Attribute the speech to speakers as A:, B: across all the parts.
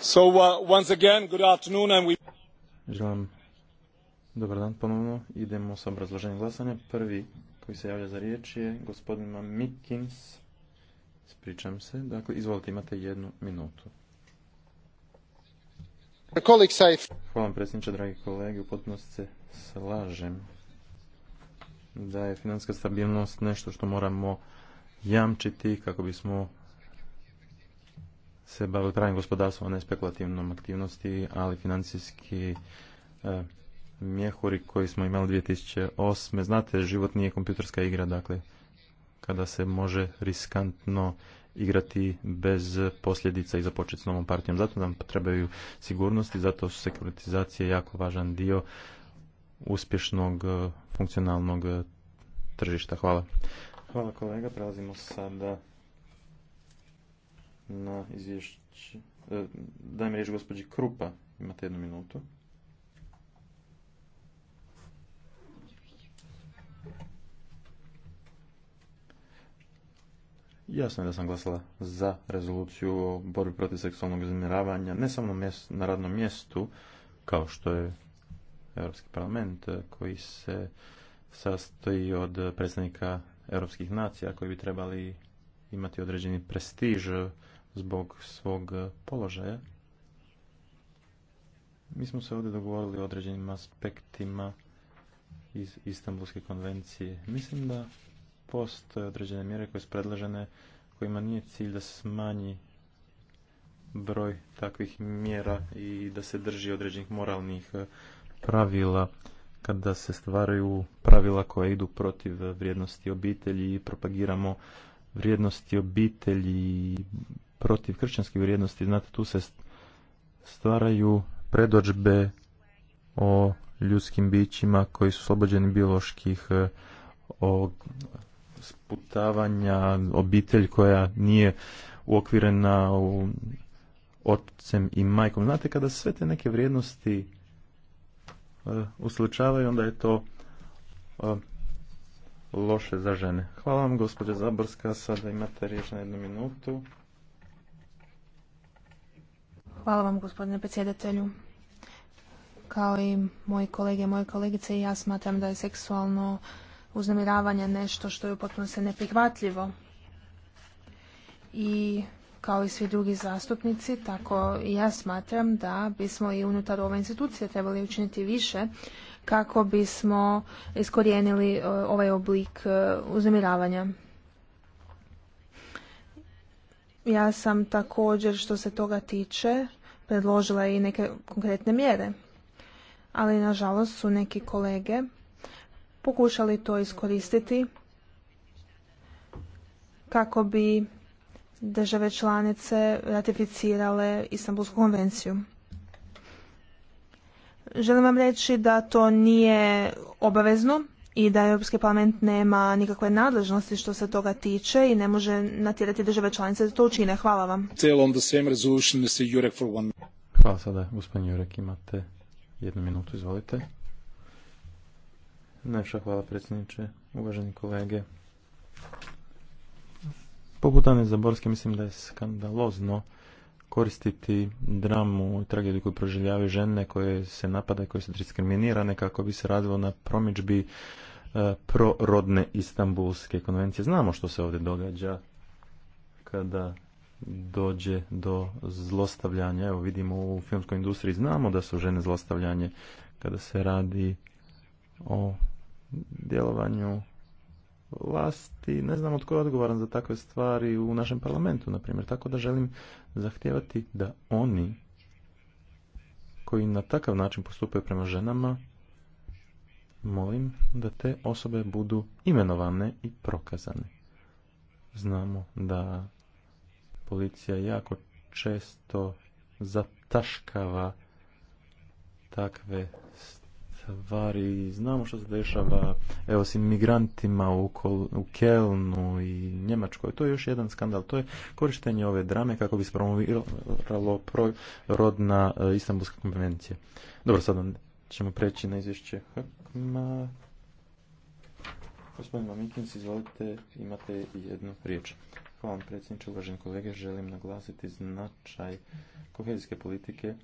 A: Uh, dobar dan ponovno. Idemo sa obrazloženjem glasanja. Prvi koji se javlja za riječ je gospodin Mikins. Spričam se. Dakle, izvolite, imate jednu minutu. Hvala vam predsjedniče, dragi kolegi, U potpunosti se slažem da je finanska stabilnost nešto što moramo jamčiti kako bismo se bave pravim gospodarstvom, ne spekulativnom aktivnosti, ali financijski e, mjehuri koji smo imali 2008. Znate, život nije kompjuterska igra, dakle, kada se može riskantno igrati bez posljedica i započeti s novom partijom. Zato nam potrebaju sigurnosti, zato su sekuritizacije jako važan dio uspješnog e, funkcionalnog e, tržišta. Hvala. Hvala kolega, prelazimo sada na izvješće. E, dajem riječ gospođi Krupa, imate jednu minutu. Jasno je da sam glasala za rezoluciju o borbi protiv seksualnog uznemiravanja, ne samo na radnom mjestu, kao što je Europski parlament, e, koji se sastoji od predstavnika europskih nacija koji bi trebali imati određeni prestiž zbog svog e, položaja. Mi smo se ovdje dogovorili o određenim aspektima iz Istanbulske konvencije. Mislim da postoje određene mjere koje su predložene kojima nije cilj da se smanji broj takvih mjera i da se drži određenih moralnih e, pravila kada se stvaraju pravila koja idu protiv vrijednosti obitelji i propagiramo vrijednosti obitelji protiv kršćanskih vrijednosti. Znate, tu se stvaraju predođbe o ljudskim bićima koji su oslobođeni bioloških e, o sputavanja, obitelj koja nije uokvirena u otcem i majkom. Znate, kada sve te neke vrijednosti e, uslučavaju, onda je to e, loše za žene. Hvala vam, gospođa Zaborska. Sada imate riječ na jednu minutu.
B: Hvala vam gospodine predsjedatelju. Kao i moji kolege, moje kolegice i ja smatram da je seksualno uznemiravanje nešto što je potpuno se neprihvatljivo. I kao i svi drugi zastupnici, tako i ja smatram da bismo i unutar ove institucije trebali učiniti više kako bismo iskorijenili e, ovaj oblik e, uznemiravanja. Ja sam također što se toga tiče predložila i neke konkretne mjere, ali nažalost su neki kolege pokušali to iskoristiti kako bi države članice ratificirale Istanbulsku konvenciju. Želim vam reći da to nije obavezno, i da Europski parlament nema nikakve nadležnosti što se toga tiče i ne može natjerati države članice da to učine. Hvala vam.
A: Hvala sada, gospodin Jurek, imate jednu minutu, izvolite. Najviša hvala predsjedniče, uvaženi kolege. Poput Ane Zaborske mislim da je skandalozno koristiti dramu i tragediju koju proživljavaju žene koje se napada koje su diskriminirane kako bi se radilo na promičbi e, prorodne istambulske konvencije. Znamo što se ovdje događa kada dođe do zlostavljanja. Evo vidimo u filmskoj industriji znamo da su žene zlostavljanje kada se radi o djelovanju vlasti ne znamo tko je odgovoran za takve stvari u našem parlamentu, na primjer. Tako da želim zahtijevati da oni koji na takav način postupaju prema ženama, molim da te osobe budu imenovane i prokazane. Znamo da policija jako često zataškava takve stvari stvari, znamo što se dešava evo s imigrantima u, u Kelnu i Njemačkoj, to je još jedan skandal, to je korištenje ove drame kako bi se promoviralo rodna e, Istanbulska konvencija. Dobro, sad ćemo preći na izvješće Hakma. Gospodin Mamikins, izvolite, imate jednu riječ. Hvala vam predsjedniče, uvaženi kolege, želim naglasiti značaj kohezijske politike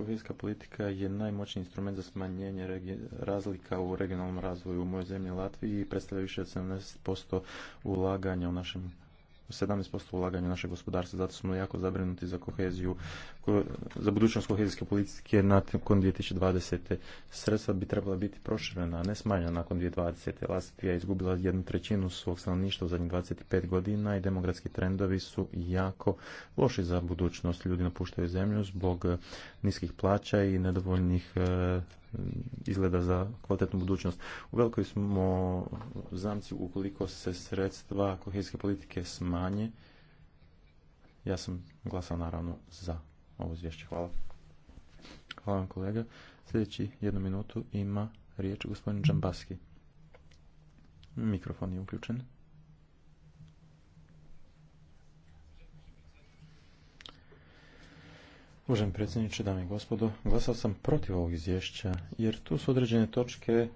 A: Kohezijska politika je najmoćniji instrument za smanjenje razlika u regionalnom razvoju u mojoj zemlji Latviji i predstavlja više od 70% ulaganja u našem 17% ulaganja u naše gospodarstvo, zato smo jako zabrinuti za koheziju, za budućnost kohezijske politike nakon 2020. Sredstva bi trebala biti proširena, a ne smanjena nakon 2020. Latvija je izgubila jednu trećinu svog stanovništva u zadnjih 25 godina i demografski trendovi su jako loši za budućnost. Ljudi napuštaju zemlju zbog niskih plaća i nedovoljnih eh, izgleda za kvalitetnu budućnost. U velikoj smo zamci ukoliko se sredstva kohezijske politike smanje. Ja sam glasao naravno za ovo izvješće. Hvala. Hvala vam kolega. Sljedeći jednu minutu ima riječ gospodin Džambaski. Mikrofon je uključen. Uvaženi predsjedniče, dame i gospodo, glasao sam protiv ovog izvješća jer tu su određene točke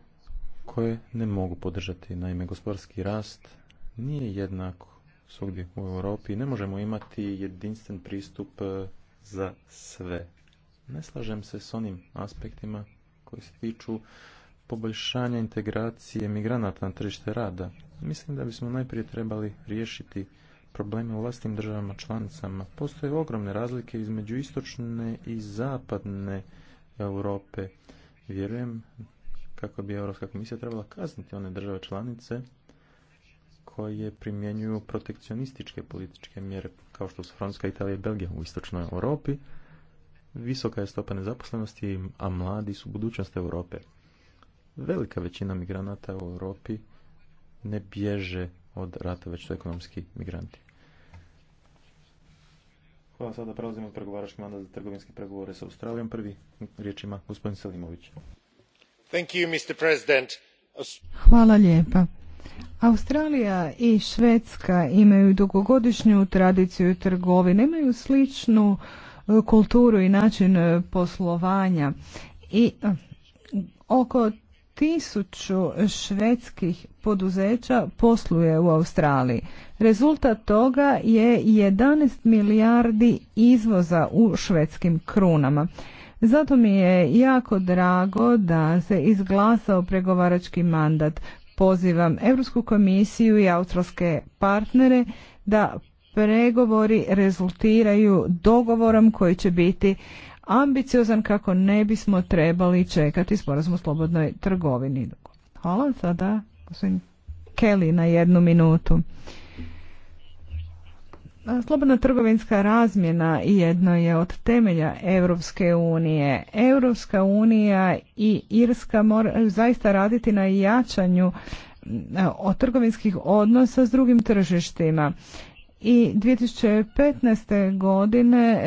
A: koje ne mogu podržati. Naime, gospodarski rast nije jednak svugdje u Europi. Ne možemo imati jedinstven pristup e, za sve. Ne slažem se s onim aspektima koji se tiču poboljšanja integracije migranata na tržište rada. Mislim da bismo najprije trebali riješiti problemi u vlastnim državama članicama. Postoje ogromne razlike između istočne i zapadne Europe. Vjerujem kako bi Europska komisija trebala kazniti one države članice koje primjenjuju protekcionističke političke mjere kao što su Francuska, Italija i Belgija u istočnoj Europi. Visoka je stopa nezaposlenosti, a mladi su budućnost Europe. Velika većina migranata u Europi ne bježe od rata, već su ekonomski migranti. Hvala, sada prelazimo pregovarački mandat za trgovinske pregovore sa Australijom. Prvi riječ ima gospodin Selimović. Thank you, Mr. President.
C: Hvala lijepa. Australija i Švedska imaju dugogodišnju tradiciju trgovine, imaju sličnu e, kulturu i način e, poslovanja i e, oko tisuću švedskih poduzeća posluje u Australiji. Rezultat toga je 11 milijardi izvoza u švedskim krunama. Zato mi je jako drago da se izglasao pregovarački mandat. Pozivam Europsku komisiju i australske partnere da pregovori rezultiraju dogovorom koji će biti ambiciozan kako ne bismo trebali čekati sporazum o slobodnoj trgovini. Hvala sada gospodin Kelly na jednu minutu. Slobodna trgovinska razmjena jedno je od temelja Europske unije. Europska unija i Irska moraju zaista raditi na jačanju e, od trgovinskih odnosa s drugim tržištima i 2015. godine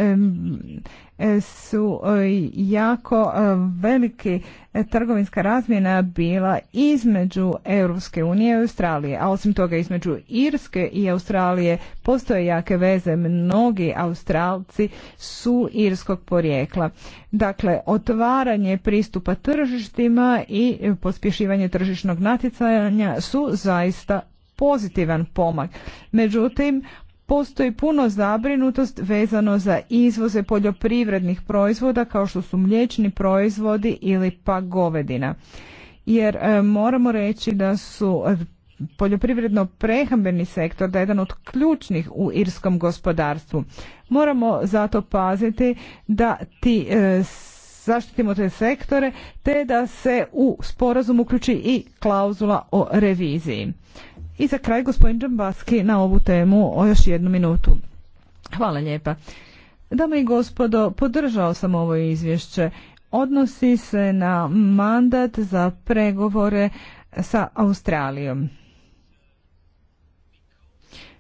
C: e, su e, jako e, veliki trgovinska razmjena bila između Europske unije i Australije, a osim toga između Irske i Australije postoje jake veze. Mnogi Australci su irskog porijekla. Dakle, otvaranje pristupa tržištima i pospješivanje tržišnog natjecanja su zaista pozitivan pomak. Međutim, Postoji puno zabrinutost vezano za izvoze poljoprivrednih proizvoda kao što su mliječni proizvodi ili pa govedina. Jer e, moramo reći da su e, poljoprivredno prehambeni sektor da je jedan od ključnih u irskom gospodarstvu. Moramo zato paziti da ti e, zaštitimo te sektore te da se u sporazum uključi i klauzula o reviziji. I za kraj gospodin Džambaski na ovu temu o još jednu minutu. Hvala lijepa. Dame i gospodo, podržao sam ovo izvješće. Odnosi se na mandat za pregovore sa Australijom.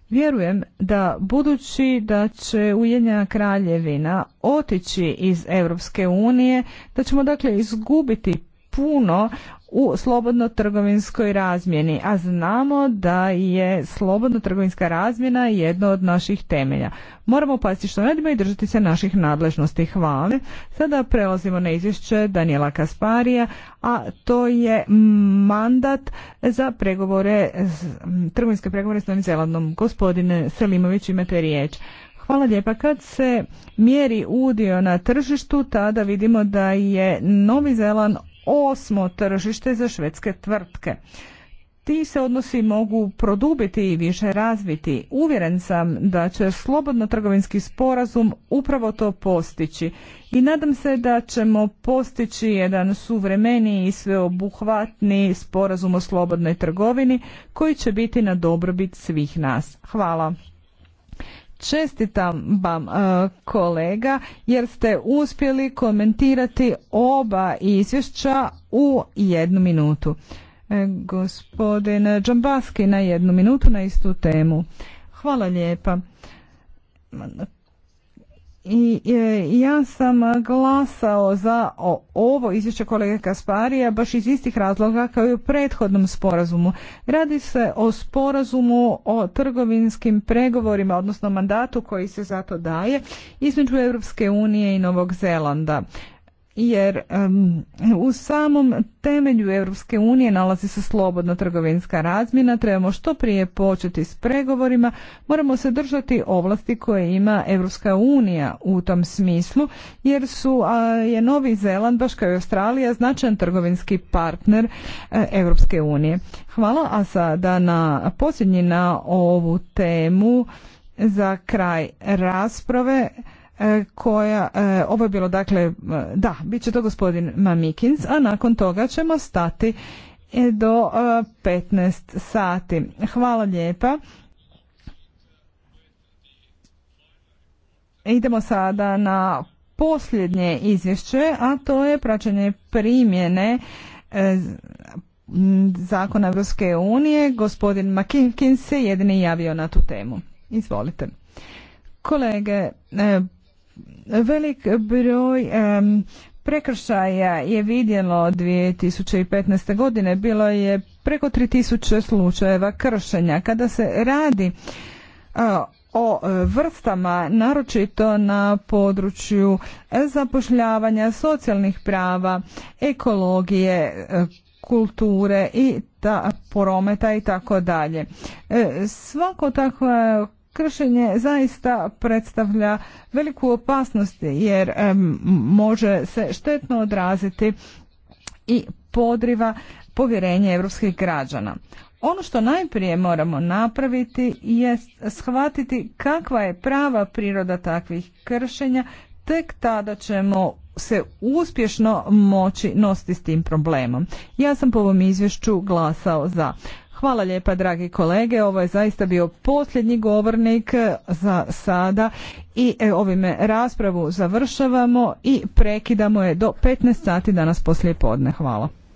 C: Vjerujem da budući da će Ujedinjena kraljevina otići iz Europske unije, da ćemo dakle izgubiti puno u slobodno trgovinskoj razmjeni, a znamo da je slobodno trgovinska razmjena jedno od naših temelja. Moramo paziti što radimo i držati se naših nadležnosti. Hvala. Sada prelazimo na izvješće Daniela Kasparija, a to je mandat za pregovore, trgovinske pregovore s Novim Zelandom. Gospodine Selimović, imate riječ. Hvala lijepa. Kad se mjeri udio na tržištu, tada vidimo da je Novi Zeland osmo tržište za švedske tvrtke. Ti se odnosi mogu produbiti i više razviti. Uvjeren sam da će slobodno trgovinski sporazum upravo to postići i nadam se da ćemo postići jedan suvremeniji i sveobuhvatni sporazum o slobodnoj trgovini koji će biti na dobrobit svih nas. Hvala. Čestitam vam e, kolega jer ste uspjeli komentirati oba izvješća u jednu minutu. E, gospodin Džambaski na jednu minutu na istu temu. Hvala lijepa. I e, ja sam glasao za ovo izvješće kolege Kasparija baš iz istih razloga kao i u prethodnom sporazumu. Radi se o sporazumu o trgovinskim pregovorima, odnosno mandatu koji se zato daje između Europske unije i Novog Zelanda jer um, u samom temelju Europske unije nalazi se slobodna trgovinska razmjena, trebamo što prije početi s pregovorima, moramo se držati ovlasti koje ima Europska unija u tom smislu, jer su je Novi Zeland, baš kao i Australija, značajan trgovinski partner e, Europske unije. Hvala, a sada na posljednji na ovu temu za kraj rasprave koja, e, ovo je bilo dakle, da, bit će to gospodin Mamikins, a nakon toga ćemo stati e, do 15 e, sati. Hvala lijepa. Idemo sada na posljednje izvješće, a to je praćenje primjene zakona europske unije. Gospodin Makinkin se jedini javio na tu temu. Izvolite. Kolege, Velik broj prekršaja je vidjelo 2015. godine. Bilo je preko 3000 slučajeva kršenja. Kada se radi o e, vrstama, naročito na području e, zapošljavanja, socijalnih prava, ekologije, e, kulture i ta prometa i tako dalje. Svako takva kršenje zaista predstavlja veliku opasnost jer može se štetno odraziti i podriva povjerenje europskih građana. Ono što najprije moramo napraviti jest shvatiti kakva je prava priroda takvih kršenja, tek tada ćemo se uspješno moći nositi s tim problemom. Ja sam po ovom izvješću glasao za. Hvala lijepa dragi kolege, ovo je zaista bio posljednji govornik e, za sada i e, ovime raspravu završavamo i prekidamo je do 15 sati danas poslije podne. Hvala.